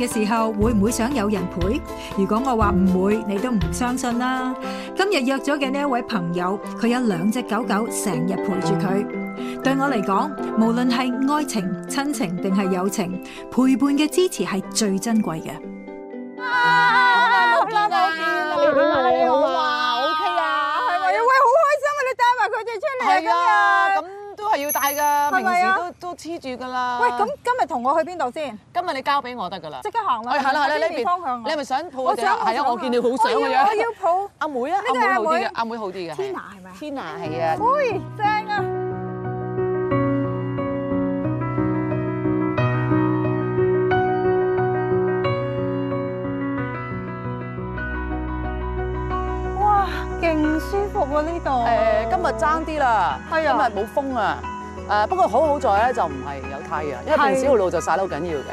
嘅時候會唔會想有人陪？如果我話唔會，你都唔相信啦。今日約咗嘅呢一位朋友，佢有兩隻狗狗成日陪住佢。對我嚟講，無論係愛情、親情定係友情，陪伴嘅支持係最珍貴嘅、啊。好啦、啊，好啦，你點啊？哇、啊啊啊，OK 啊，係咪？喂，好開心啊！你帶埋佢哋出嚟啊！都係要戴噶，平時都都黐住噶啦。喂，咁今日同我去邊度先？今日你交俾我得噶啦，即刻行啦。係啦，係啦，呢邊方向，你係咪想抱我？係啊，我見你好想個樣。我要抱阿妹啊！阿妹好啲嘅，阿妹好啲嘅。Tina 係咪啊？Tina 係啊。喂，正啊！哇，勁舒服喎呢度。爭啲啦，係啊，因為冇風啊，誒不過好好，好在咧就唔係有太陽，因為平時條路就曬得好緊要嘅。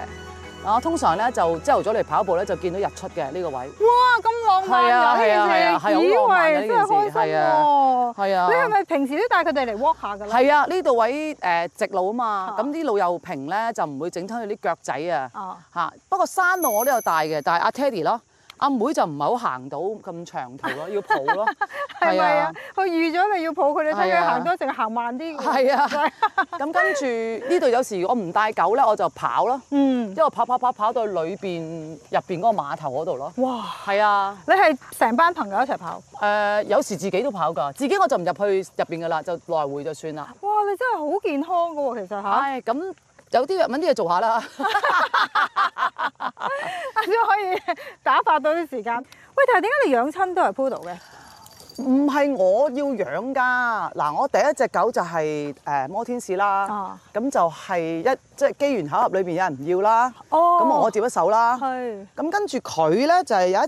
啊，通常咧就朝頭早嚟跑步咧就見到日出嘅呢、呢個位。哇，咁浪漫㗎呢件事，啊係啊，係啊。係啊。你係咪平時都帶佢哋嚟 walk 下㗎？係啊，呢度位誒、呃、直路啊嘛，咁啲路又平咧，就唔會整親佢啲腳仔啊。啊。不過山路我都有帶嘅，但係阿 Teddy 咯。阿妹就唔係好行到咁長途咯，要抱咯，係咪啊？佢預咗咪要抱佢，你睇佢行多淨係行慢啲。係啊，咁跟住呢度有時我唔帶狗咧，我就跑咯，嗯，一路跑跑跑跑到去裏邊入邊嗰個碼頭嗰度咯。哇，係啊，你係成班朋友一齊跑？誒，有時自己都跑㗎，自己我就唔入去入邊㗎啦，就來回就算啦。哇，你真係好健康㗎喎，其實嚇。係，咁有啲揾啲嘢做下啦。先可以打發到啲時間。喂，但係點解你養親都係 Poodle 嘅？唔係我要養㗎。嗱，我第一隻狗就係誒摩天士啦。哦。咁就係一即係機緣巧合裏邊有人唔要啦。哦。咁我接咗手啦。係是。咁跟住佢咧就係、是、有一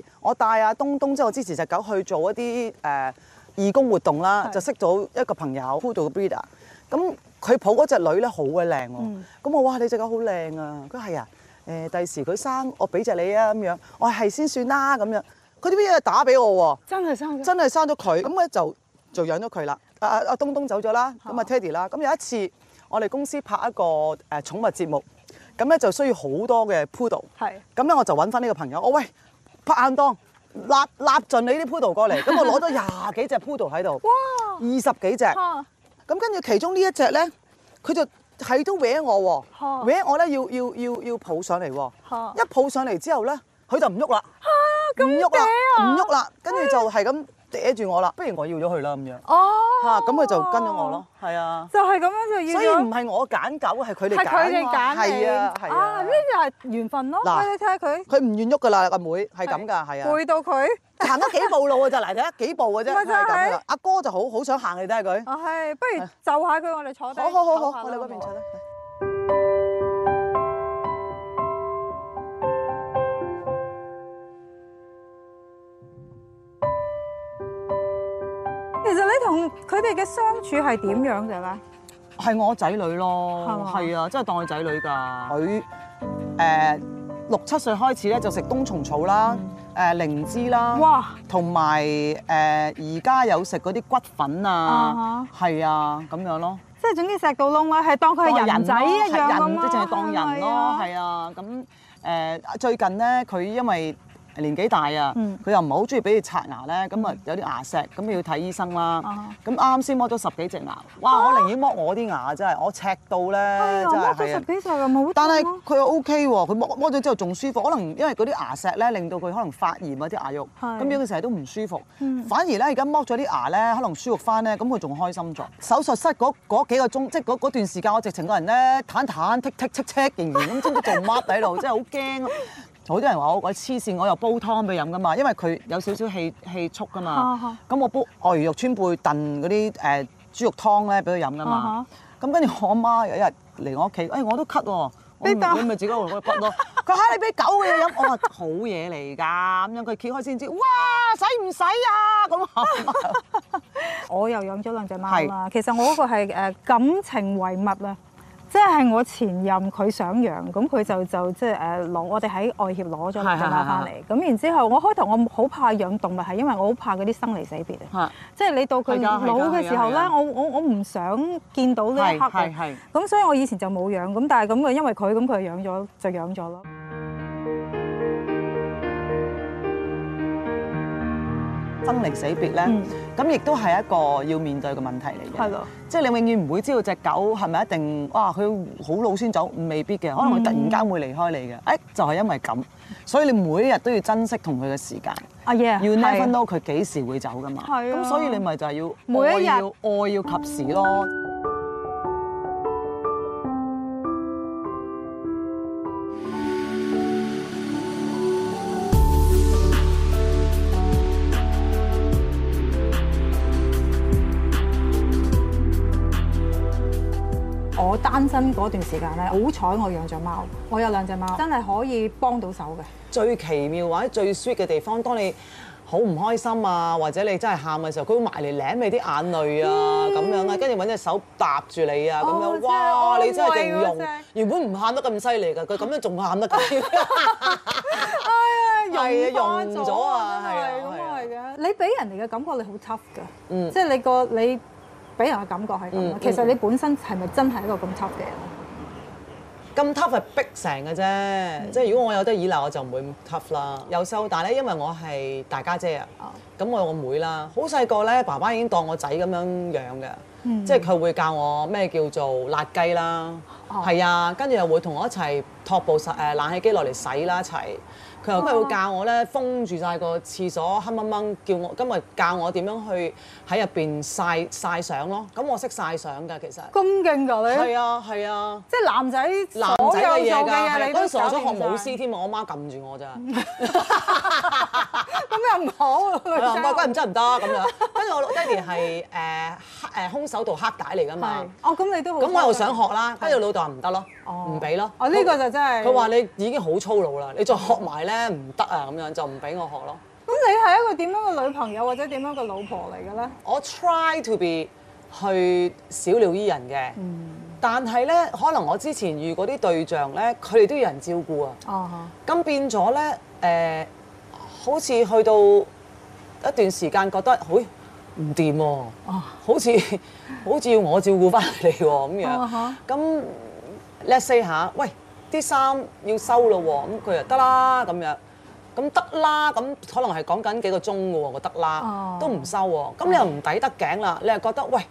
次，我帶阿東東即係我之前隻狗去做一啲誒、呃、義工活動啦，是就識到一個朋友 Poodle 嘅 breeder。咁佢是抱嗰隻女咧好鬼靚喎。嗯。咁我哇！你隻狗好靚啊。佢係啊。誒第時佢生，我俾隻你啊，咁樣，我係先算啦咁樣。佢點解一日打俾我喎？真係生真係生咗佢，咁咧就就養咗佢啦。阿、啊、阿東東走咗啦，咁啊 Teddy 啦。咁有一次我哋公司拍一個誒寵物節目，咁咧就需要好多嘅 Poodle 是。係。咁咧我就揾翻呢個朋友，我喂，拍硬檔，立立盡你啲 Poodle 過嚟。咁我攞咗廿幾隻 Poodle 喺度，二十幾隻。咁跟住其中呢一隻咧，佢就。係都搲我喎，搲我咧要，要，要抱上嚟，一抱上嚟之後咧，佢就唔喐啦，唔喐啦，唔喐啦，跟住就係咁。嗲住我啦，不如我要咗佢啦咁樣。哦，嚇，咁佢就跟咗我咯，係啊，就係咁樣就要。所以唔係我揀狗，係佢哋揀。佢哋揀嚟，係啊，啊呢啲係緣分咯。嗱，你睇下佢，佢唔願喐噶啦，阿妹係咁噶，係啊。攰到佢行咗幾步路啊？就嚟睇下幾步嘅啫。咪就係啦，阿哥就好好想行嚟睇下佢。啊，係，不如就下佢，我哋坐低，好好好好，我哋嗰邊坐啦。佢哋嘅相處係點樣嘅咧？係我仔女咯，係吧啊，真係當佢仔女噶。佢，誒、呃、六七歲開始咧就食冬蟲草啦，誒、呃、靈芝啦，哇，同埋誒而家有食嗰啲骨粉啊，係啊咁、啊、樣咯。即係總之食到窿啦，係當佢係人仔一樣啊嘛。即淨係當係人咯吧，係啊。咁誒最近咧佢因為。年紀大啊，佢又唔係好中意俾你刷牙咧，咁啊有啲牙石，咁要睇醫生啦。咁啱先剝咗十幾隻牙，哇！我寧願剝我啲牙，真係我赤到咧，真係。係十幾隻，又唔但係佢又 OK 喎，佢剝剝咗之後仲舒服，可能因為嗰啲牙石咧令到佢可能發炎啊啲牙肉，咁樣成日都唔舒服。反而咧而家剝咗啲牙咧，可能舒服翻咧，咁佢仲開心咗。手術室嗰嗰幾個鐘，即係嗰段時間，我直情個人咧忐忐忑忑忑忑，仍然咁知唔知做乜喺度？真係好驚。好多人話我我黐線，我又煲湯俾佢飲噶嘛，因為佢有少少氣氣促噶嘛。咁、 嗯、我煲鱷魚肉川貝燉嗰啲誒豬肉湯咧俾佢飲噶嘛。咁跟住我阿媽有一日嚟我屋企，誒、哎、我都咳喎， 你咪自己喎我咯。佢嚇你俾狗嘅嘢飲，我話好嘢嚟㗎。咁樣佢揭開先知，哇！使唔使啊？咁我， 我又養咗兩隻貓啊是其實我嗰個係感情遺物啊。即係我前任佢想養，咁佢就就即係誒攞，我哋喺外協攞咗隻貓翻嚟。咁然之後，我開頭我好怕養動物，係因為我好怕嗰啲生離死別是的 即係你到佢老嘅時候咧，我我我唔想見到呢一刻。咁所以我以前就冇養。咁但係咁嘅，因為佢咁佢就養咗，就養咗咯。生離死別咧，咁亦都係一個要面對嘅問題嚟嘅。即係你永遠唔會知道隻狗係咪一定哇，佢好老先走，未必嘅，可能會突然間會離開你嘅。誒，就係因為咁，所以你每一日都要珍惜同佢嘅時間。啊嘢！要諗翻到佢幾時會走噶嘛？係啊。咁所以你咪就係要每一日愛要及時咯。我單身嗰段時間咧，好彩我養咗貓，我有兩隻貓，真係可以幫到手嘅。最奇妙或者最 sweet 嘅地方，當你好唔開心啊！或者你真係喊嘅時候，佢會埋嚟舐你啲眼淚啊，咁、嗯、樣啊，跟住搵隻手搭住你啊，咁、哦、樣哇、哦！你真係形容，原本唔喊得咁犀利㗎，佢咁樣仲喊得咁。哎呀，用咗啊，用咗啊，係啊，咁啊係嘅。你俾人哋嘅感覺你好 tough 俾人嘅感覺係咁，嗯嗯、其實你本身係咪真係一個咁 tough 嘅人？咁 tough 係逼成嘅啫，即係、嗯、如果我有得倚賴，我就唔會咁 tough 啦。由細大，但係咧，因為我係大家姐啊，咁、哦嗯、我有個妹啦。好細個咧，爸爸已經當我仔咁樣養嘅，嗯、即係佢會教我咩叫做辣雞啦，係、哦、啊，跟住又會同我一齊托部誒、呃、冷氣機落嚟洗啦，一齊。佢話今日會教我咧，封住晒個廁所黑掹掹，叫我今日教我點樣去喺入邊晒晒相咯。咁我識晒相㗎，其實。咁勁㗎你？係啊，係啊。即係男仔，男仔嘅嘢㗎。嗰陣時我想學舞獅添，我媽撳住我咋。咁又唔好。我話：外唔得唔得咁樣。跟住我爹哋係誒誒空手道黑帶嚟㗎嘛。哦，咁你都會咁，我又想學啦。跟住老豆話唔得咯，唔俾咯。哦，呢個就真係。佢話你已經好粗魯啦，你再學埋咧。咧唔得啊，咁樣就唔俾我學咯。咁你係一個點樣嘅女朋友或者點樣嘅老婆嚟嘅咧？我 try to be 去小鳥依人嘅，嗯、但係咧，可能我之前遇過啲對象咧，佢哋都有人照顧啊哈。哦。咁變咗咧，誒，好似去到一段時間覺得、哎啊啊、好唔掂喎。哦。好似好似要我照顧翻你喎咁樣。哦咁 let's say 下、啊，喂。啲衫要收咯喎，咁佢又得啦咁樣，咁得啦，咁可能係講緊幾個鐘噶喎，我得啦，都唔收喎，咁你又唔抵得頸啦，你又覺得喂，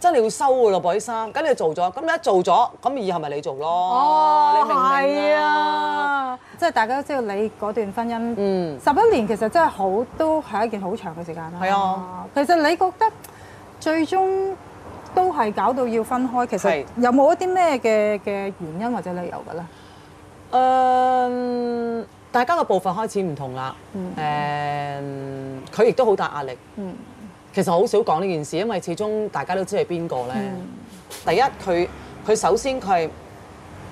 真係你要收噶咯，嗰啲衫，咁你做咗，咁一做咗，咁以後咪你做咯？哦，你明唔明？係啊，即係大家都知道你嗰段婚姻，嗯，十一年其實真係好，都係一件好長嘅時間啦。係啊，其實你覺得最終都係搞到要分開，其實有冇一啲咩嘅嘅原因或者理由嘅咧？誒、呃，大家嘅步伐開始唔同啦。誒、mm，佢亦都好大壓力。Mm hmm. 其實好少講呢件事，因為始終大家都知係邊個咧。Mm hmm. 第一，佢佢首先佢係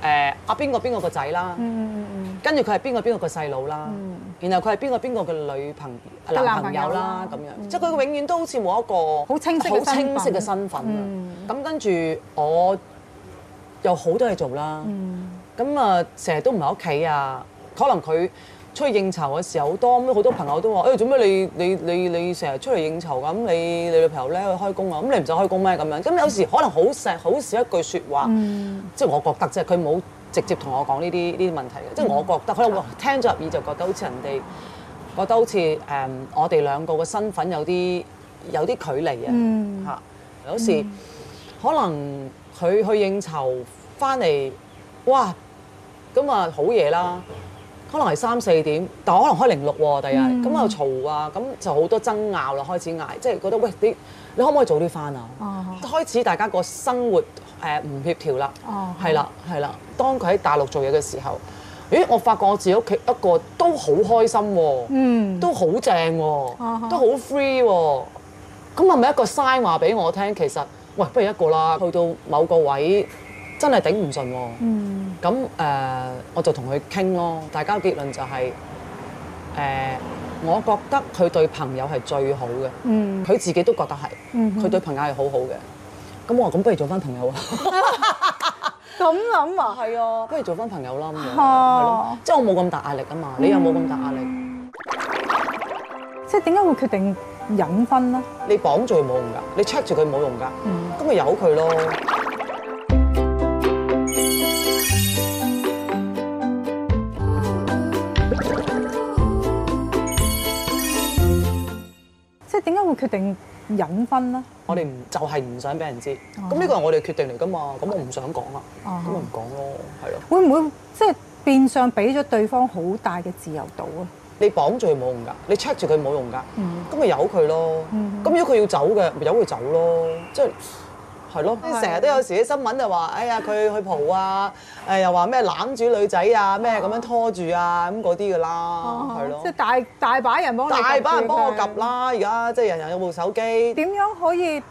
誒阿邊個邊個、mm hmm. 個仔啦。跟住佢係邊個邊個個細佬啦。Hmm. 然後佢係邊個邊個嘅女朋友男朋友啦咁、mm hmm. 樣。即係佢永遠都好似冇一個好清晰好清晰嘅身份。咁跟住我有好多嘢做啦。Mm hmm. 嗯咁啊，成日都唔喺屋企啊，可能佢出去應酬嘅時候多，咁好多朋友都話：，誒做咩你你你你成日出嚟應酬咁？你你女朋友咧去開工啊？咁你唔使開工咩？咁樣咁有時可能好錫好少一句説話，即係我覺得即係。佢冇直接同我講呢啲呢啲問題嘅，即係我覺得可能聽咗入耳就覺得好似人哋覺得好似誒，我哋兩個嘅身份有啲有啲距離啊。嚇，有時可能佢去應酬翻嚟，哇！咁啊，好嘢啦，可能係三四點，但係可能開零六喎，第二日，咁又嘈啊，咁就好多爭拗啦，開始嗌，即係覺得喂，你你可唔可以早啲返啊？哦、哈開始大家個生活誒唔、呃、協調啦，係啦係啦。當佢喺大陸做嘢嘅時候，咦？我發覺我自己屋企一個都好開心、啊，嗯，都好正、啊，哦、哈都好 free，咁係咪一個 sign 話俾我聽？其實，喂，不如一個啦，去到某個位。真係頂唔順喎，咁誒、嗯嗯、我就同佢傾咯。大家結論就係、是、誒、呃，我覺得佢對朋友係最好嘅，佢、嗯、自己都覺得係，佢對朋友係好好嘅。咁、嗯嗯、我話咁，不如做翻朋友啊？咁諗啊，係啊，不如做翻朋友啦咁樣，係咯、啊， 即係我冇咁大壓力啊嘛，你又冇咁大壓力，即係點解會決定隱婚咧？你綁住佢冇用㗎，你 check 住佢冇用㗎，咁咪由佢咯。決定隱婚啦！我哋唔就係唔想俾人知，咁呢個係我哋決定嚟噶嘛？咁我唔想講啦，咁我唔講咯，係、huh. 咯。會唔會即係變相俾咗對方好大嘅自由度啊？你綁住佢冇用㗎，你 check 住佢冇用㗎，咁、huh. 咪由佢咯。咁、uh huh. 如果佢要走嘅，咪由佢走咯，即係。係咯，即係成日都有時啲新聞就話，哎呀佢去蒲啊，誒又話咩攬住女仔啊，咩咁樣拖住啊，咁嗰啲㗎啦，係咯、啊，的即係大大把人幫你大把人幫我 𥩈 啦，而家即係人人有部手機。點樣可以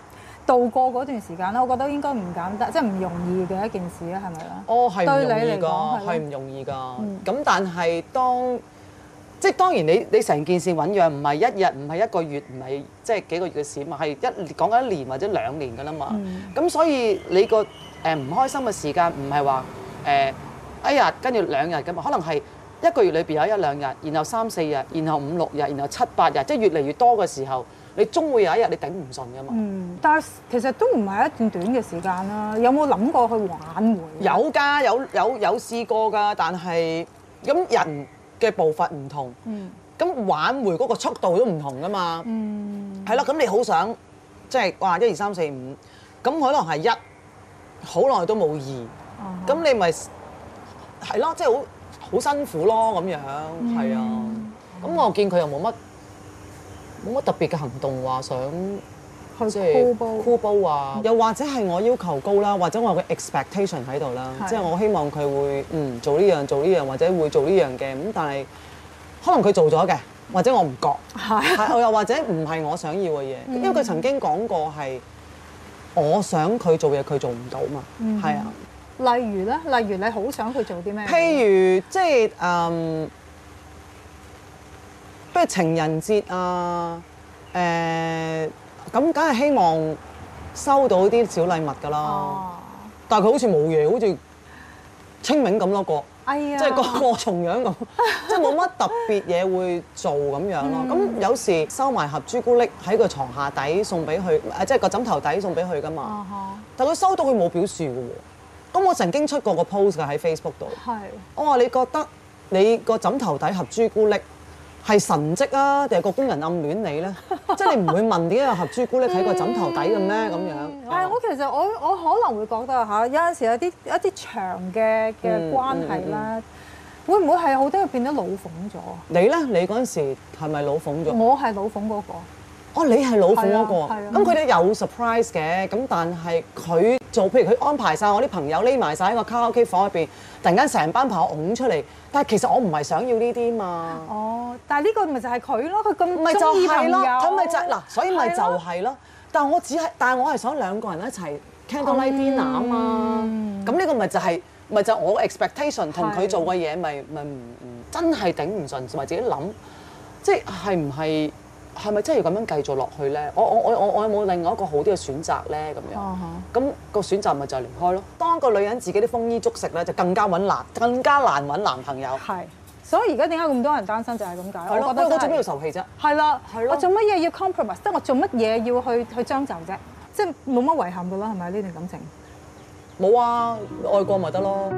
度過嗰段時間咧？我覺得應該唔簡單，即係唔容易嘅一件事啊，係咪啊？哦，對你嚟講，係唔容易㗎，係唔容易㗎。咁、嗯、但係當即係當然，你你成件事醞釀唔係一日，唔係一個月，唔係即係幾個月嘅事嘛，係一講緊一年或者兩年噶啦嘛。咁所以你個誒唔開心嘅時間唔係話誒一日，跟住兩日咁啊，可能係一個月裏邊有一兩日，然後三四日，然後五六日，然後七八日，即係越嚟越多嘅時候，你終會有一日你頂唔順噶嘛。嗯，但係其實都唔係一段短嘅時間啦。有冇諗過去挽回？有噶，有有有試過噶，但係咁人。嘅步伐唔同，咁、嗯、挽回嗰個速度都唔同㗎嘛，係咯、嗯，咁你好想即係、就是、哇，一二三四五，咁可能係一好耐都冇二，咁、嗯、你咪係咯，即係好好辛苦咯咁樣，係啊，咁、嗯、我見佢又冇乜冇乜特別嘅行動話想。去箍煲，箍煲啊！ 又或者係我要求高啦，或者我個 expectation 喺度啦，即係的我希望佢會嗯做呢樣做呢樣，或者會做呢樣嘅咁，但係可能佢做咗嘅，或者我唔覺，係 又或者唔係我想要嘅嘢，因為佢曾經講過係我想佢做嘢，佢做唔到嘛，係啊、嗯哼。的例如咧，例如你好想佢做啲咩？譬如即係嗯，呃、譬如情人節啊，誒、呃。咁梗係希望收到啲小禮物㗎啦，但係佢好似冇嘢，好似清明咁咯個，即係個個同樣咁，即係冇乜特別嘢會做咁樣咯。咁有時收埋盒朱古力喺個床下底送俾佢，誒即係個枕頭底送俾佢㗎嘛。但係佢收到佢冇表示嘅喎。咁我曾經出過個 post 嘅喺 Facebook 度，我話你覺得你個枕頭底盒朱古力。係神蹟啊，定係個工人暗戀你咧？即係你唔會問點解個盒朱古力喺個枕頭底嘅咩咁樣？係我其實我我可能會覺得吓，有陣時有啲一啲長嘅嘅關係咧，會唔會係好多變咗老奉咗？你咧？你嗰陣時係咪老奉咗？我係老奉嗰個。哦，你係老奉嗰個。咁佢哋有 surprise 嘅，咁但係佢。做，譬如佢安排晒我啲朋友匿埋晒喺個卡拉 OK 房入邊，突然間成班朋友拱出嚟。但係其實我唔係想要呢啲嘛。哦，但係呢個咪就係佢咯，佢咁中意朋友咪就係、是、咯，佢咪就嗱、是啊，所以咪就係、是、咯的。但係我只係，但係我係想兩個人一齊 candle light dinner 啊嘛。咁呢、嗯、個咪就係、是，咪就我 expectation 同佢做嘅嘢，咪咪唔真係頂唔順，同埋自己諗，即係係唔係？係咪真係要咁樣繼續落去咧？我我我我我有冇另外一個好啲嘅選擇咧？咁樣，咁、uh huh. 個選擇咪就係離開咯。當個女人自己啲豐衣足食咧，就更加揾難，更加難揾男朋友。係，所以而家點解咁多人單身就係咁解？的我覺得真係、哎。我做咩要受氣啫？係啦，係咯，我做乜嘢要 compromise？即係我做乜嘢要去去將就啫？即係冇乜遺憾噶啦，係咪呢段感情？冇啊，愛過咪得咯。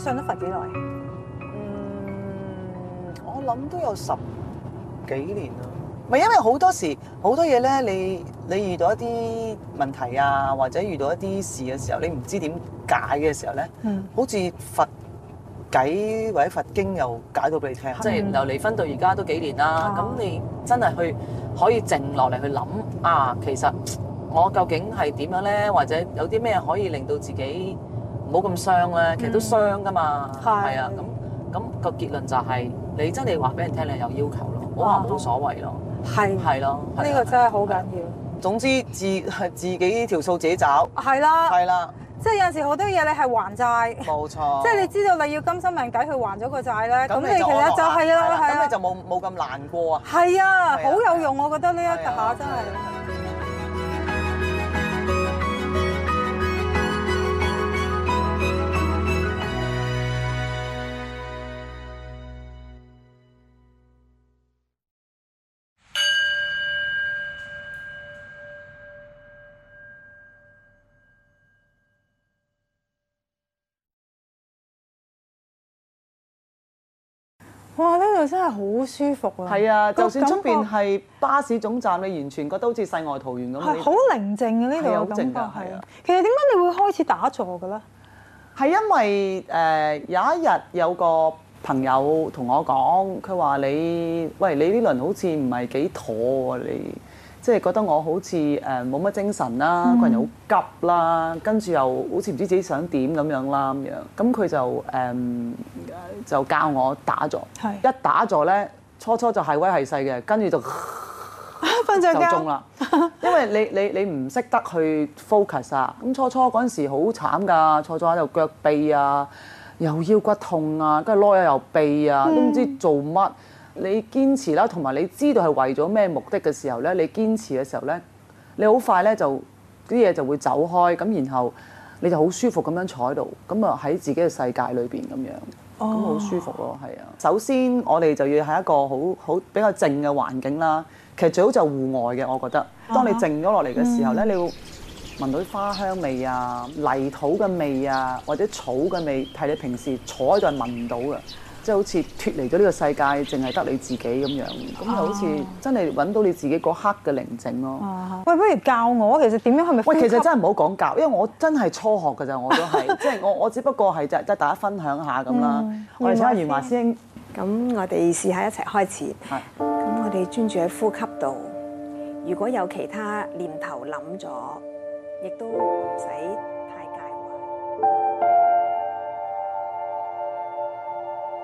上得佛幾耐？嗯，我諗都有十幾年啦。咪因為好多時，好多嘢咧，你你遇到一啲問題啊，或者遇到一啲事嘅時候，你唔知點解嘅時候咧，嗯、好似佛偈或者佛經又解到俾你聽，嗯、即係由離婚到而家都幾年啦。咁、啊、你真係去可以靜落嚟去諗啊，其實我究竟係點樣咧，或者有啲咩可以令到自己？冇咁傷咧，其實都傷噶嘛，係啊，咁咁個結論就係，你真係話俾人聽，你有要求咯，唔好話冇所謂咯，係係咯，呢個真係好緊要。總之，自自己條數自己找。係啦，係啦，即係有陣時好多嘢你係還債，冇錯，即係你知道你要甘心命計去還咗個債咧，咁你其實就係啦，係咁你就冇冇咁難過啊，係啊，好有用，我覺得呢一個真係。哇！呢度真係好舒服啊，係啊，就算出邊係巴士總站，你完全覺得好似世外桃源咁啊，好寧靜啊，呢度嘅感覺，係啊。其實點解你會開始打坐嘅咧？係因為誒、呃、有一日有個朋友同我講，佢話你，喂，你呢輪好似唔係幾妥喎你。即係覺得我好似誒冇乜精神啦，嗯、個人好急啦，跟住又好似唔知自己想點咁樣啦咁樣，咁佢就誒、嗯、就教我打坐，是 一打坐咧初初就係威係勢嘅，跟住就瞓著㗎，因為你你你唔識得去 focus 啊，咁初初嗰陣時好慘㗎，初初喺度腳痹啊，又腰骨痛啊，跟住攞又痹啊，都唔知做乜。嗯 你堅持啦，同埋你知道係為咗咩目的嘅時候呢，你堅持嘅時候呢，你好快呢，就啲嘢就會走開，咁然後你就好舒服咁樣坐喺度，咁啊喺自己嘅世界裏邊咁樣，咁好舒服咯，係啊。Oh。首先我哋就要喺一個好好比較靜嘅環境啦，其實最好就戶外嘅，我覺得。當你靜咗落嚟嘅時候呢，uh huh. 你會聞到花香味啊、泥土嘅味啊，或者草嘅味，係你平時坐喺度聞唔到嘅。即係好似脫離咗呢個世界，淨係得你自己咁樣，咁又好似真係揾到你自己嗰刻嘅寧靜咯，啊。喂，不如教我，其實點樣係咪？是是喂，其實真係唔好講教，因為我真係初學嘅咋，我都係， 即係我我只不過係就即係大家分享下咁啦。嗯、我哋請阿袁華師兄。咁我哋試下一齊開始。係是。咁我哋專注喺呼吸度，如果有其他念頭諗咗，亦都唔使。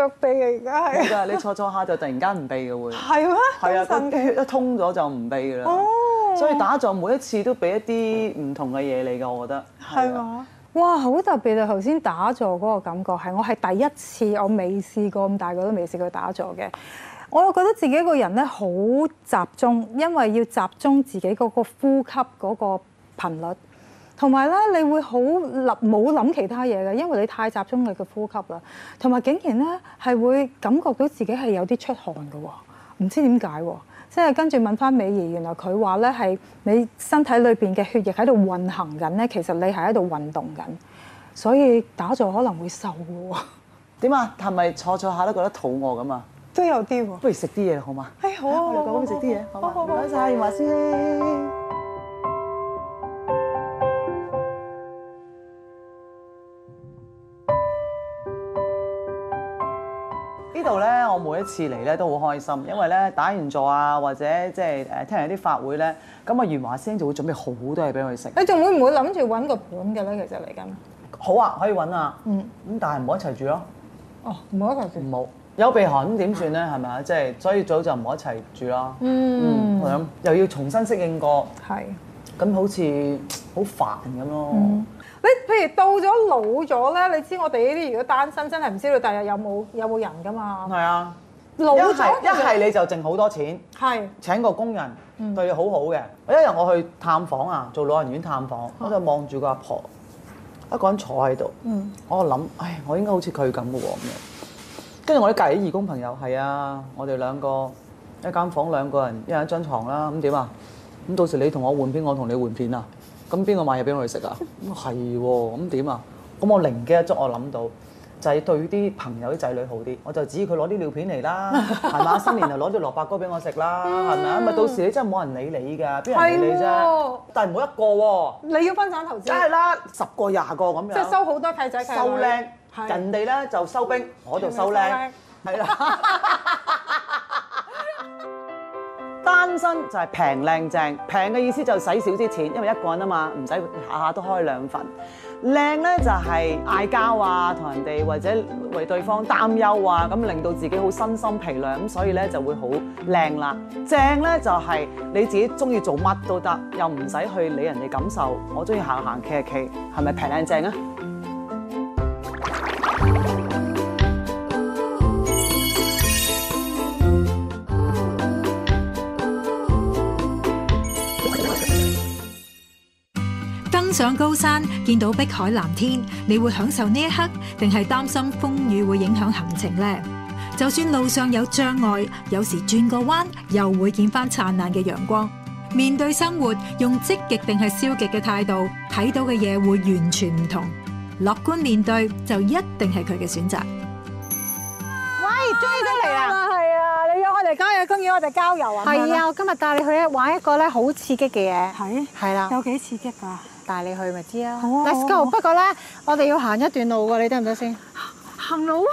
腳痹，嚟而家真係你坐坐下就突然間唔痹嘅會。係咩嗎？係啊，個血一通咗就唔痹噶啦。哦，所以打坐每一次都俾一啲唔同嘅嘢嚟㗎，我覺得。係嘛嗎？啊、哇，好特別啊！頭先打坐嗰個感覺係我係第一次，我未試過咁大個都未試過打坐嘅。我又覺得自己個人咧好集中，因為要集中自己嗰個呼吸嗰個頻率。同埋咧，你會好諗冇諗其他嘢嘅，因為你太集中你嘅呼吸啦。同埋竟然咧，係會感覺到自己係有啲出汗嘅喎，唔知點解喎。即係跟住問翻美儀，原來佢話咧係你身體裏邊嘅血液喺度運行緊咧，其實你係喺度運動緊，所以打坐可能會瘦嘅喎。點啊？係咪坐坐下都覺得肚餓咁啊？都有啲喎。不如食啲嘢好嗎？哎好啊好！我哋過去食啲嘢，好好謝謝，唔該曬，華師兄。我每一次嚟咧都好開心，因為咧打完坐啊，或者即係誒聽人啲法會咧，咁啊袁華師兄就會準備好多嘢俾佢食。你仲會唔會諗住揾個伴嘅咧？其實嚟緊。好啊，可以揾啊。嗯。咁但係唔好一齊住咯。哦，唔好一齊住。唔好。有鼻鼾點算咧？係咪啊？即係所以早就唔好一齊住啦。嗯。嗯。係咁，又要重新適應過。係。咁好似好煩咁咯。嗯你譬如到咗老咗咧，你知我哋呢啲如果單身，真係唔知道第日有冇有冇人噶嘛？係啊，老咗一係你就剩好多錢，係、啊、請個工人、嗯、對你好好嘅。我一日我去探訪啊，做老人院探訪，我就望住個阿婆，一個人坐喺度，嗯、我諗，唉，我應該好似佢咁喎。跟住我啲隔離義工朋友，係啊，我哋兩個一間房兩個人，一人一張床啦，咁點啊？咁到時你同我換片，我同你換片啊！咁邊個買嘢俾我哋食啊？咁係喎，咁點啊？咁、啊、我靈機一觸，我諗到就係、是、對啲朋友啲仔女好啲。我就指佢攞啲尿片嚟啦，係嘛？ 新年就攞啲蘿蔔糕俾我食啦，係咪啊？咪到時你真係冇人理你㗎，邊人理你啫？的但係唔好一個喎、啊，你要分散投資。真係啦，十個廿個咁樣。即係收好多契仔契女。收靚靚，的人哋咧就收兵，我就收靚，係啦。 單身就係平靚正，平嘅意思就使少啲錢，因為一個人啊嘛，唔使下下都開兩份。靚呢就係嗌交啊，同人哋或者為對方擔憂啊，咁令到自己好身心疲累，咁所以呢就會好靚啦。正呢就係、是、你自己中意做乜都得，又唔使去理人哋感受。我中意行行，企企，係咪平靚正啊？上高山見到碧海藍天，你會享受呢一刻，定係擔心風雨會影響行程呢？就算路上有障礙，有時轉個彎又會見翻燦爛嘅陽光。面對生活，用積極定係消極嘅態度，睇到嘅嘢會完全唔同。樂觀面對就一定係佢嘅選擇。喂，終於都嚟啦，係啊！你約我嚟郊遊公園，我哋郊遊啊。係啊，我今日帶你去玩一個咧好刺激嘅嘢。係係啦，有幾刺激噶，啊？帶你去咪知啊！Let's go。不過咧，我哋要行一段路喎，你得唔得先？行路啊！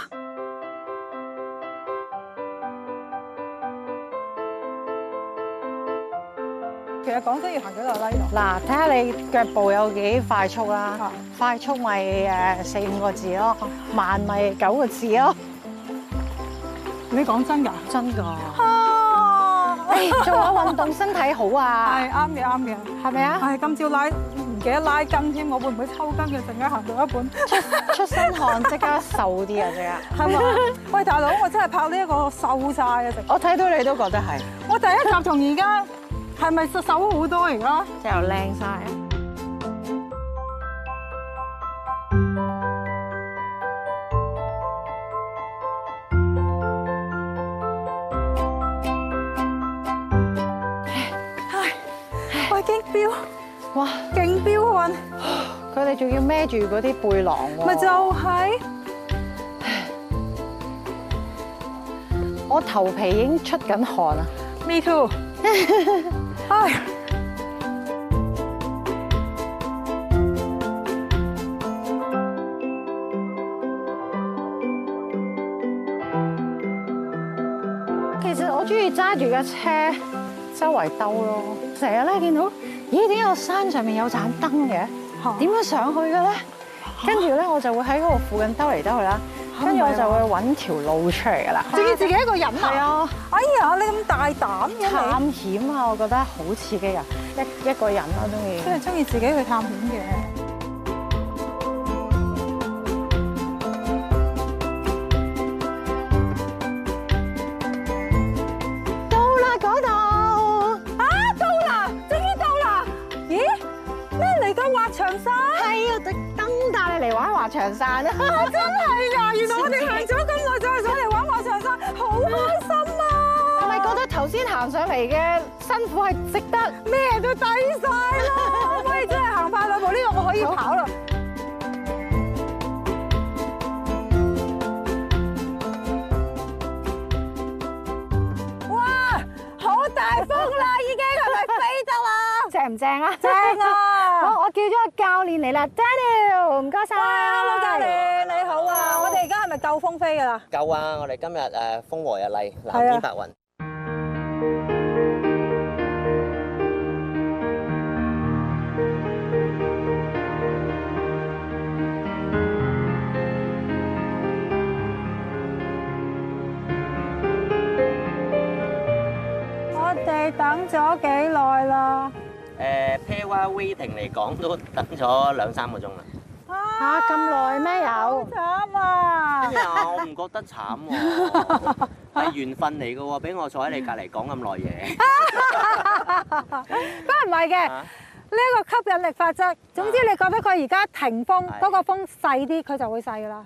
其實講真，要行幾耐啦？嗱，睇下你腳步有幾快速啦！快速咪誒四五個字咯，慢咪九個字咯。你講真㗎？真㗎。嚇！做下運動，身體好啊！係啱嘅，啱嘅，係咪啊？係今朝拉。幾多拉筋添？我會唔會抽筋嘅？陣間行到一半出出身汗，即刻瘦啲啊！即刻係嘛？喂，大佬，我真係拍呢一個瘦曬啊！我睇到你都覺得係。我第一集同而家係咪瘦好多？而家又靚曬啊！係，我經標。哇，勁彪悍，佢哋仲要孭住嗰啲背囊喎。咪就係，我頭皮已經出緊汗喇。Me too。唉。其實我中意揸住架車周圍兜咯，成日咧見到。咦？點解個山上面有盞燈嘅？點樣嗎上去嘅咧？跟住咧，我就會喺嗰度附近兜嚟兜去啦。跟住、啊啊、我就會揾條路出嚟噶啦。中意自己一個人。係啊！哎呀，你咁大膽嘅險你。探險啊！我覺得好刺激啊！一一個人我中意，中意自己去探險嘅。山啦，啊！真係噶，原來我哋行咗咁耐，就上嚟玩滑翔傘，好開心啊！係咪覺得頭先行上嚟嘅辛苦係值得？咩都抵晒囉！可唔可以真係行快兩步，呢個我可以跑啦。正啊！好，我叫咗個教練嚟啦，Daniel，唔該晒。Hello，教練你好啊！我哋而家係咪夠風飛噶啦？夠啊！我哋今日誒風和日麗，藍天白雲。我哋等咗幾耐啦？誒，Pair waiting 嚟講都等咗兩三個鐘啦。嚇咁耐咩有？啊，慘啊，啊！我唔覺得慘喎，啊，係 緣分嚟嘅喎，俾我坐喺你隔離講咁耐嘢。 是不過唔係嘅，呢、啊、個吸引力法則，總之你覺得佢而家停風，嗰的個風細啲，佢就會細㗎啦。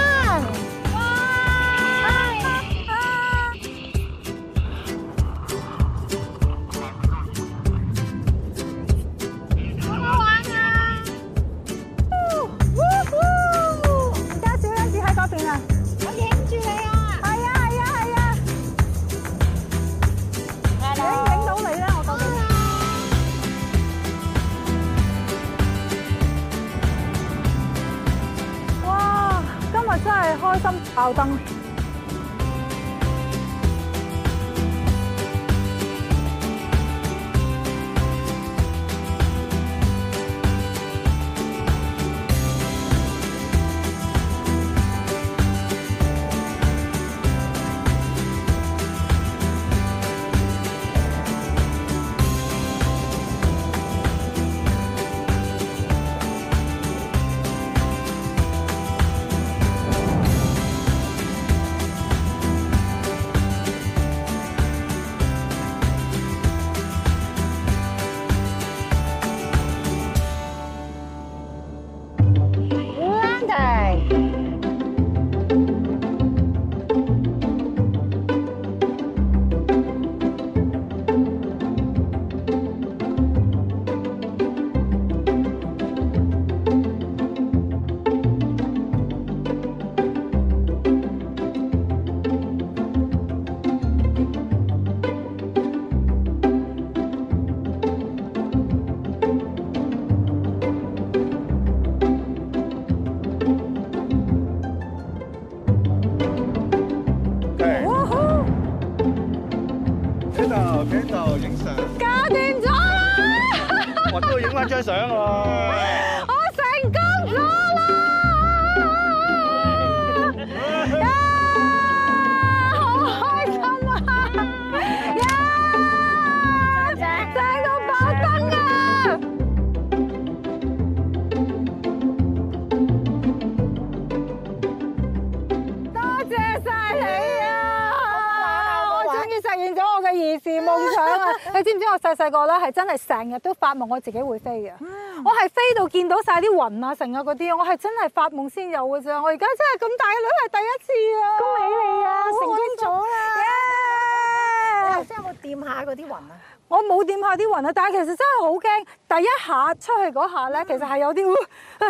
細個咧係真係成日都發夢我自己會飛嘅， 我係飛到見到晒啲雲啊，成啊嗰啲，我係真係發夢先有嘅咋，我而家真係咁大個女係第一次啊，恭喜你啊，成功咗啦！你頭先有冇掂下嗰啲雲啊？我冇掂下啲雲啊，但係其實真係好驚，第一下出去嗰下咧，其實係有啲，誒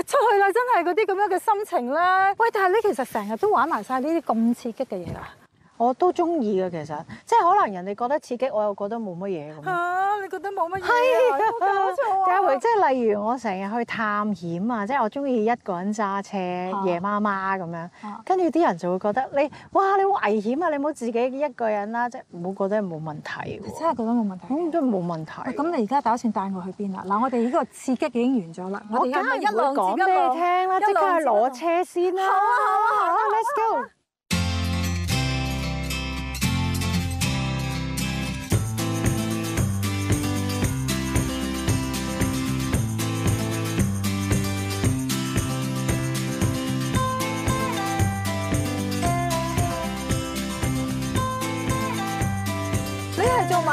出去啦，真係嗰啲咁樣嘅心情咧。喂，但係你其實成日都玩埋晒呢啲咁刺激嘅嘢啊？我都中意嘅，其實即係可能人哋覺得刺激，我又覺得冇乜嘢咁。你覺得冇乜嘢？係啊，即係例如我成日去探險啊，即係我中意一個人揸車夜媽媽咁樣，跟住啲人就會覺得你哇你好危險啊！你冇自己一個人啦，即係唔好覺得冇問題喎。真係覺得冇問題。咁都冇問題。咁你而家打算帶我去邊啊？嗱，我哋呢個刺激已經完咗啦，我梗係一路講俾你聽啦，即刻攞車先啦。好啊好啊好啊，Let's go！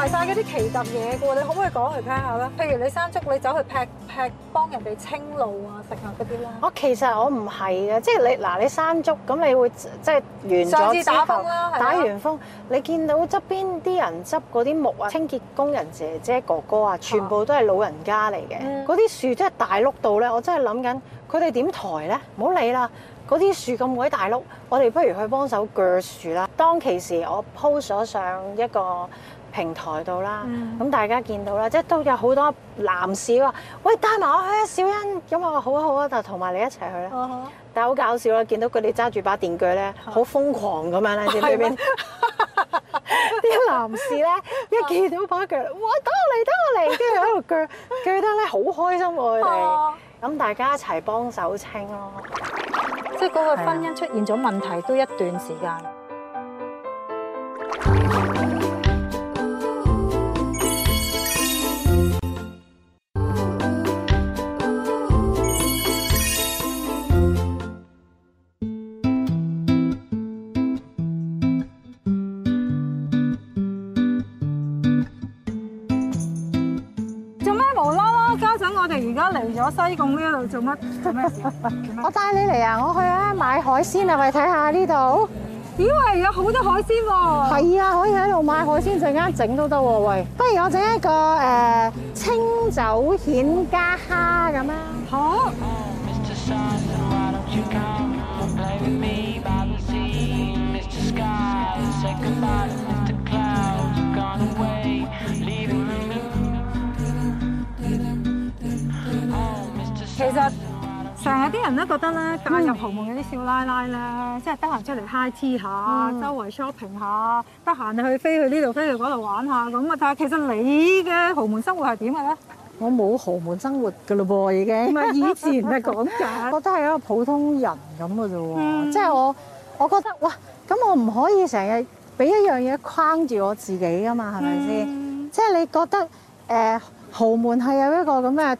晒嗰啲奇特嘢噶，你可唔可以講嚟聽下咧？譬如你山竹，你走去劈劈幫人哋清路啊，食下嗰啲啦。我其實我唔係嘅，即係你嗱，你山竹咁你會即係完咗之後打風啦，打完風，是的 你見到側邊啲人執嗰啲木啊，清潔工人姐姐哥哥啊，全部都係老人家嚟嘅。嗰啲樹真係大碌到咧，我真係諗緊佢哋點抬咧？唔好理啦，嗰啲樹咁鬼大碌，我哋不如去幫手鋸樹啦。當其時我 po 咗上一個。平台度啦，咁大家見到啦，即係都有好多男士話：喂，帶埋我去啊，小欣。咁我話好好啊，就同埋你一齊去啦。嗯、但係好搞笑啦，見到佢哋揸住把電鋸咧，好瘋狂咁樣咧，嗯、知唔知邊啲吧男士咧一見到把鋸，哇！等我嚟，等我嚟，跟住喺度鋸，鋸得咧好開心喎！佢哋咁、嗯、大家一齊幫手清咯。即係嗰個婚姻出現咗問題都一段時間。西貢呢度做乜？做，做 我帶你嚟啊！我去咧買海鮮啊，咪睇下呢度。咦，喂，有好多海鮮喎！係啊，可以喺度買海鮮，陣間整都得喎。喂，不如我整一個誒清酒蜆加蝦咁樣好。 成日啲人都覺得咧嫁入豪門嗰啲少奶奶咧，嗯、即係得閒出嚟 high tea 下，嗯、周圍 shopping 下，得閒去飛去呢度，飛去嗰度玩下，咁啊睇下。但其實你嘅豪門生活係點嘅咧？我冇豪門生活噶咯噃，已經唔係以前啊，講緊，我都係一個普通人咁嘅啫喎。嗯、即係我，我覺得哇，咁我唔可以成日俾一樣嘢框住我自己噶嘛，係咪先？即係、嗯、你覺得誒豪、呃、門係有一、呢個咁嘅？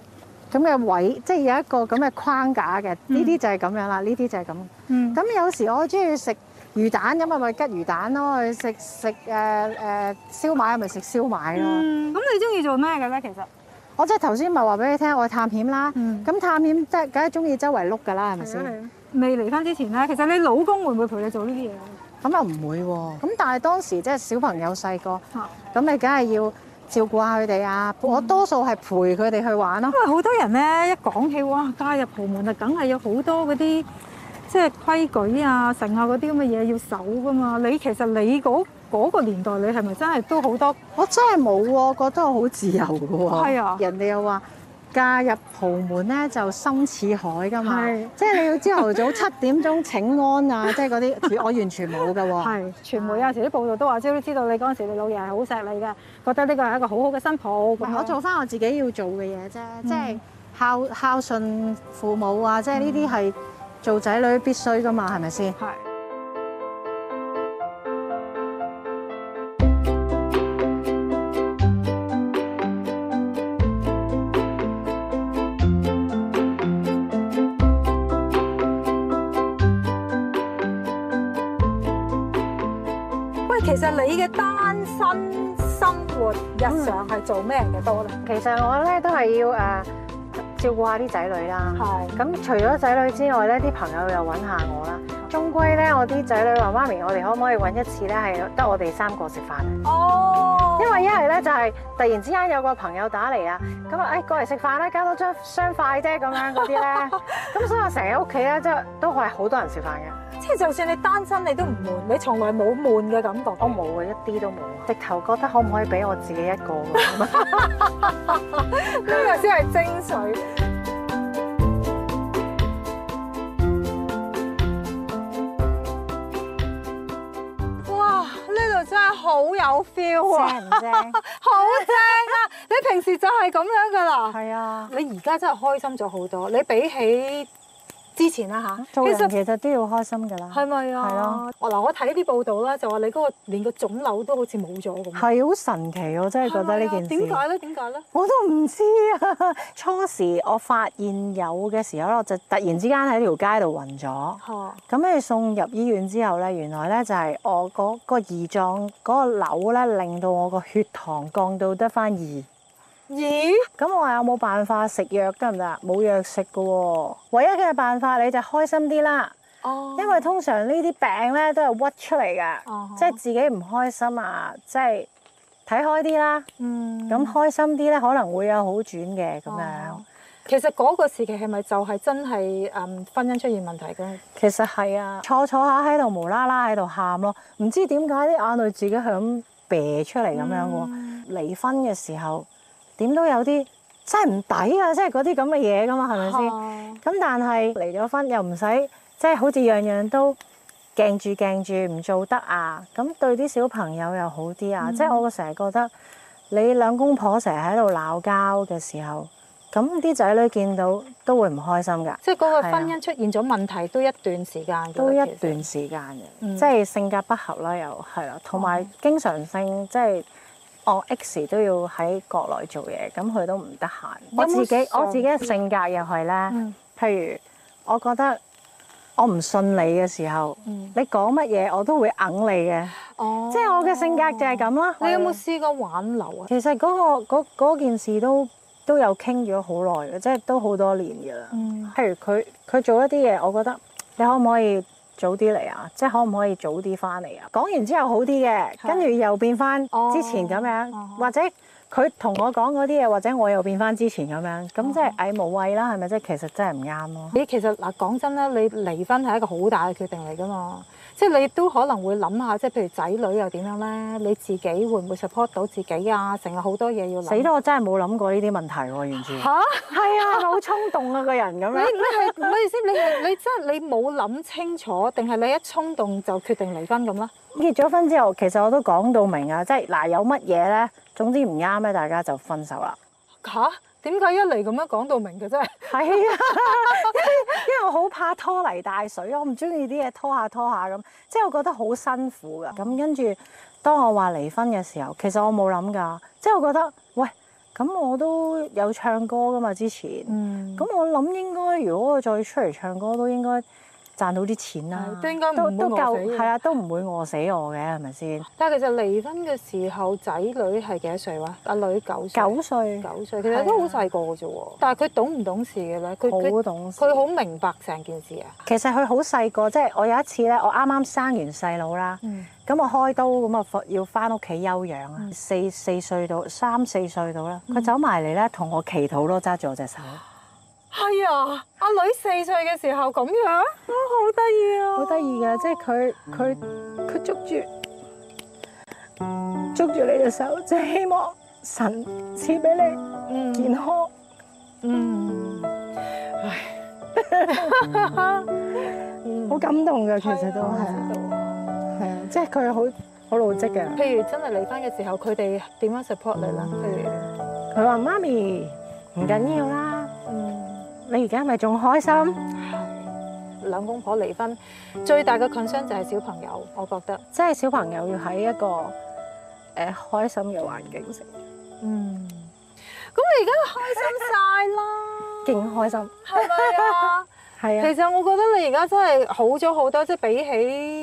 咁嘅位，即係有一個咁嘅框架嘅，呢啲就係咁樣啦，呢啲、嗯、就係咁。咁、嗯、有時我中意食魚蛋，咁咪咪吉魚蛋咯；食食誒誒燒賣，咪、就、食、是、燒賣咯。咁、嗯、你中意做咩嘅咧？其實我即係頭先咪話俾你聽，我去探險啦。咁、嗯、探險即係梗係中意周圍碌㗎啦，係咪先？未離婚之前咧，其實你老公會唔會陪你做呢啲嘢咧？咁又唔會喎、啊。咁但係當時即係小朋友細個，咁你梗係要。嗯嗯嗯照顧下佢哋啊！我多數係陪佢哋去玩咯、啊。因為好多人咧一講起哇，加入豪門就梗係有好多嗰啲即係規矩啊、成下嗰啲咁嘅嘢要守噶嘛。你其實你嗰、嗰個年代，你係咪真係都好多？我真係冇喎，覺得我好自由嘅喎。係啊，啊人哋又話，嫁入豪門咧就深似海噶嘛，是即係你要朝頭早七點鐘請安啊， 即係嗰啲我完全冇噶喎。傳媒有時啲報導都話，即係是知道你嗰陣時你老爺係好錫你嘅，覺得呢個係一個好好嘅新抱。我做翻我自己要做嘅嘢啫，即係孝、嗯、孝順父母啊，即係呢啲係做仔女必須噶嘛，係咪先？是日常生活係做咩嘅多咧？嗯、其實我咧都係要誒、呃、照顧下啲仔女啦。係咁是除咗仔女之外咧，啲、嗯、朋友又揾下我啦。終歸咧，我啲仔女話媽咪，我哋可唔可以揾一次咧？係得我哋三個食飯啊！哦。一係咧就係突然之間有個朋友打嚟啊，咁啊誒過嚟食飯啦，加多張雙筷啫咁樣嗰啲咧，咁 所以我成日屋企咧，即係都係好多人食飯嘅。即係就算你單身，你都唔悶，對 你從來冇悶嘅感覺。我冇啊，一啲都冇。啊。直頭覺得可唔可以俾我自己一個？呢個先係精髓。好有 feel 啊，正唔正？好正啊！你平時就係咁樣噶啦。係啊，你而家真係開心咗好多。你比起……之前啦吓，啊、做人其實都要開心㗎啦，係咪啊？係咯，嗱，我睇啲報道咧，就話你嗰個連個腫瘤都好似冇咗咁。係好神奇，我真係覺得呢件事是是、啊。點解咧？點解咧？我都唔知啊！初時我發現有嘅時候咧，我就突然之間喺條街度暈咗。嚇、啊！咁你送入醫院之後咧，原來咧就係我嗰、那個胰臟嗰個瘤咧，令到我個血糖降到得返二。咦？咁、嗯、我話有冇辦法食藥得唔得？冇藥食㗎，唯一嘅辦法你就開心啲啦。哦。因為通常呢啲病咧都係屈出嚟噶，嗯、哼 即係自己唔開心啊，即係睇開啲啦。嗯。咁開心啲咧，可能會有好轉嘅咁樣。哦、其實嗰個時期係咪就係真係誒、嗯、婚姻出現問題嘅？其實係啊，坐坐下喺度，無啦啦喺度喊咯，唔知點解啲眼淚自己係咁射出嚟咁樣。嗯。離婚嘅時候。點都有啲真係唔抵啊！即係嗰啲咁嘅嘢噶嘛，係咪先？咁但係離咗婚又唔使，即係好似樣樣都鏡住鏡住唔做得啊！咁對啲小朋友又好啲啊！即係我成日覺得你兩公婆成日喺度鬧交嘅時候，咁啲仔女見到都會唔開心㗎。即係嗰個婚姻出現咗問題都一段時間都一段時間嘅，即係性格不合啦，又係啦，同埋經常性即係。就是嗯我 X 都要喺國內做嘢，咁佢都唔得閒。我自己有有我自己嘅性格又係咧，嗯、譬如我覺得我唔信你嘅時候，嗯、你講乜嘢我都會揞你嘅，即係、哦、我嘅性格就係咁啦。你有冇試過挽留啊？係其實嗰、嗰個、件事都都有傾咗好耐嘅，即係都好多年噶啦。譬如佢佢做一啲嘢，我覺得你可唔可以？早啲嚟啊！即係可唔可以早啲翻嚟啊？講完之後好啲嘅，跟住的又變翻之前咁樣，oh, uh huh. 或者佢同我講嗰啲嘢，或者我又變翻之前咁樣，咁即係唉無謂啦，係咪即係其實真係唔啱咯？你其實嗱講真啦，你離婚係一個好大嘅決定嚟噶嘛。即係你都可能會諗下，即係譬如仔女又點樣咧？你自己會唔會 support 到自己啊？成日好多嘢要諗。死啦！我真係冇諗過呢啲問題喎，住時嚇係啊，係好衝動啊個人咁樣？你 你係唔好意思，你係你真係你冇諗清楚，定係你一衝動就決定離婚咁啦？結咗婚之後，其實我都講到明啊，即係嗱，有乜嘢咧？總之唔啱咧，大家就分手啦嚇。啊。點解一嚟咁樣講到明嘅真係？係 啊，因為我好怕拖泥帶水，我唔中意啲嘢拖下拖下咁，即係我覺得好辛苦噶。咁跟住，當我話離婚嘅時候，其實我冇諗㗎，即係我覺得，喂，咁我都有唱歌㗎嘛，之前，咁我諗應該如果我再出嚟唱歌，都應該，賺到啲錢啦，都應該唔會餓死，係啊，都唔會餓死我嘅，係咪先？但係其實離婚嘅時候，仔女係幾多歲話？阿女九九歲，九歲，其實的都好細個嘅啫喎。但係佢懂唔懂事嘅咧？佢好懂佢佢好明白成件事啊！其實佢好細個，即係我有一次咧，我啱啱生完細佬啦，咁、嗯、我開刀咁啊，要返屋企休養啊，四四、嗯、歲到三四歲到啦，佢走埋嚟咧，同我祈禱咯，揸住我隻手。係啊，阿女四歲嘅時候咁樣，啊好得意啊！啊好得意嘅，即係佢佢佢捉住捉住你嘅手，即係希望神賜俾你健康。嗯，唉，好感動嘅，其實都係啊，係啊，即係佢好好老積嘅。譬如真係離翻嘅時候，佢哋點樣 support 你啦？譬如佢話媽咪唔緊要啦。你而家咪仲開心？係、嗯、兩公婆離婚。嗯、最大嘅 concern 就係小朋友。我覺得，即係小朋友要喺一個誒、嗯呃、開心嘅環境成長嗯。咁你而家都開心晒啦！勁 開心，係咪吧 啊？係啊，就是。其實我覺得你而家真係好咗好多，即係比起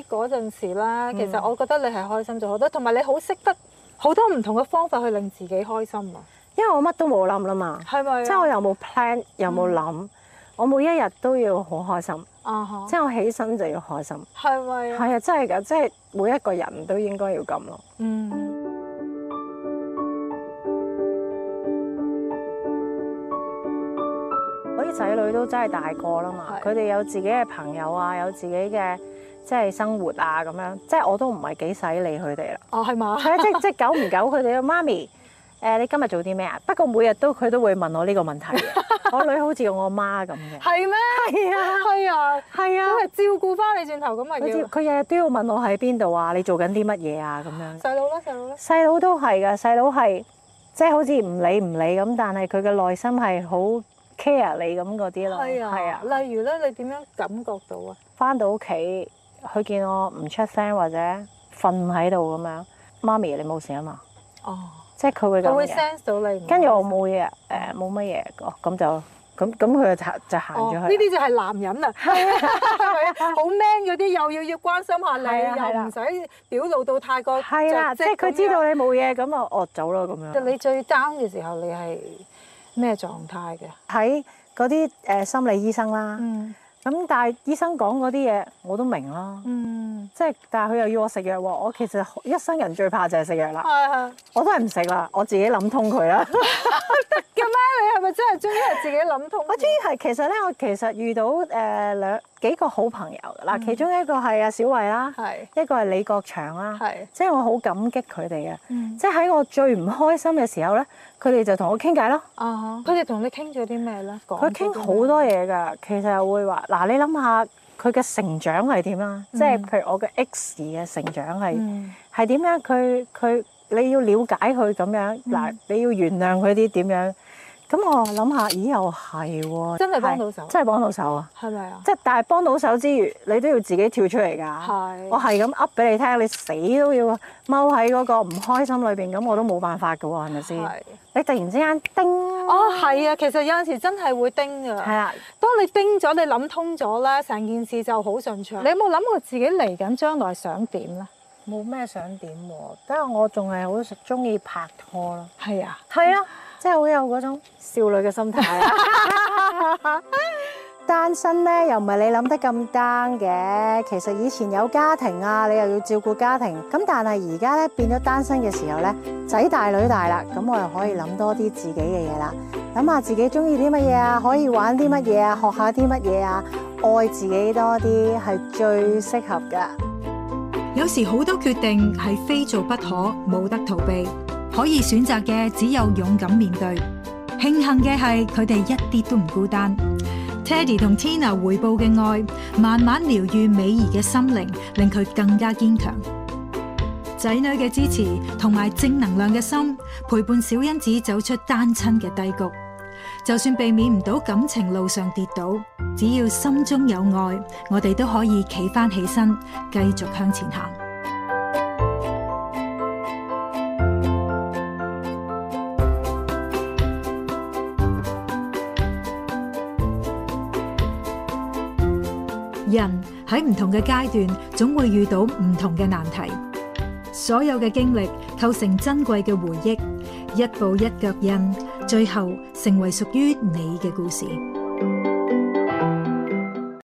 嗰陣時啦，其實我覺得你係開心咗好多，同埋你好識得好多唔同嘅方法去令自己開心啊！因為我乜都冇諗啦嘛，嗎即係我又冇 plan，又冇諗，嗯、我每一日都要好開心，嗯、哼 即係我起身就要開心，係咪嗎？係啊，真係㗎，即係每一個人都應該要咁咯。嗯。我啲仔女都真係大個啦嘛，佢哋是的 有自己嘅朋友啊，有自己嘅即係生活啊咁樣，即係我都唔係幾使理佢哋啦。哦，係嘛？係啊， 即即久唔久佢哋嘅媽咪。誒，你今日做啲咩啊？不過每日都佢都會問我呢個問題。 我女好似我媽咁嘅。係咩嗎？係啊！係啊！係啊！係照顧翻你，轉頭咁咪要。佢日日都要問我喺邊度啊？你做緊啲乜嘢啊？咁樣。細佬啦，細佬啦。細佬都係㗎，細佬係即係好似唔理唔理咁，但係佢嘅內心係好 care 你咁嗰啲囉。係啊，啊例如咧，你點樣感覺到啊？翻到屋企，佢見我唔出聲或者瞓喺度咁樣，媽咪，你冇事啊嘛。哦。即係佢會，會 sense 到你，跟住我冇嘢啊，冇乜嘢，哦咁就咁咁佢就、哦、就行咗去。呢啲就係男人啊，係 啊，好 man 嗰啲又要要關心下你，的又唔使表露到太過即係即係佢知道你冇嘢，咁啊惡走啦咁樣。樣你最 down 嘅時候，你係咩狀態嘅？喺嗰啲誒心理醫生啦。嗯咁但係醫生講嗰啲嘢我都明啦，嗯，即係但係佢又要我食藥喎，我其實一生人最怕就係食藥啦，係，是我都係唔食啦，我自己諗通佢啦，得㗎咩？你係咪真係終於係自己諗通？ 我終於係其實咧，我其實遇到誒兩，呃呃呃幾個好朋友嗱，其中一個係阿小慧啦，是一個係李國祥啦，是即係我好感激佢哋嘅。嗯、即係喺我最唔開心嘅時候咧，佢哋就同我傾偈咯。佢哋同你傾咗啲咩咧？佢傾好多嘢㗎，啊、其實又會話嗱，你諗下佢嘅成長係點啊？嗯、即係譬如我嘅 x 嘅成長係係點樣？佢佢你要了解佢咁樣嗱，你要原諒佢啲點樣？嗯咁我諗下，咦又係喎、哦，真係幫到手，真係吧幫到手啊，係咪啊？即係但係幫到手之餘，你都要自己跳出嚟㗎。係是。我係咁噏俾你聽，你死都要踎喺嗰個唔開心裏邊，咁我都冇辦法㗎喎，係咪先？係是。你突然之間叮。哦，係啊，其實有陣時真係會叮㗎。係啊。當你叮咗，你諗通咗咧，成件事就好順暢。你有冇諗過自己嚟緊將來想點咧？冇咩想點喎，因為我仲係好鍾意拍拖咯。係啊。係啊。 即係好有嗰種少女嘅心態啊！ 單身咧又唔係你諗得咁 down 嘅，其實以前有家庭啊，你又要照顧家庭，咁但係而家咧變咗單身嘅時候咧，仔大女大啦，咁我又可以諗多啲自己嘅嘢啦，諗下自己中意啲乜嘢啊，可以玩啲乜嘢啊，學下啲乜嘢啊，愛自己多啲係最適合噶。有時好多決定係非做不可，冇得逃避。可以選擇嘅只有勇敢面對，慶幸嘅係佢哋一啲都唔孤單。Teddy 同 Tina 回報嘅愛，慢慢療愈美儀嘅心靈，令佢更加堅強。仔女嘅支持同埋正能量嘅心，陪伴小恩子走出單親嘅低谷。就算避免唔到感情路上跌倒，只要心中有愛，我哋都可以企翻起身，繼續向前行。人喺唔同嘅階段，總會遇到唔同嘅難題。所有嘅經歷構成珍貴嘅回憶，一步一腳印，最後成為屬於你嘅故事。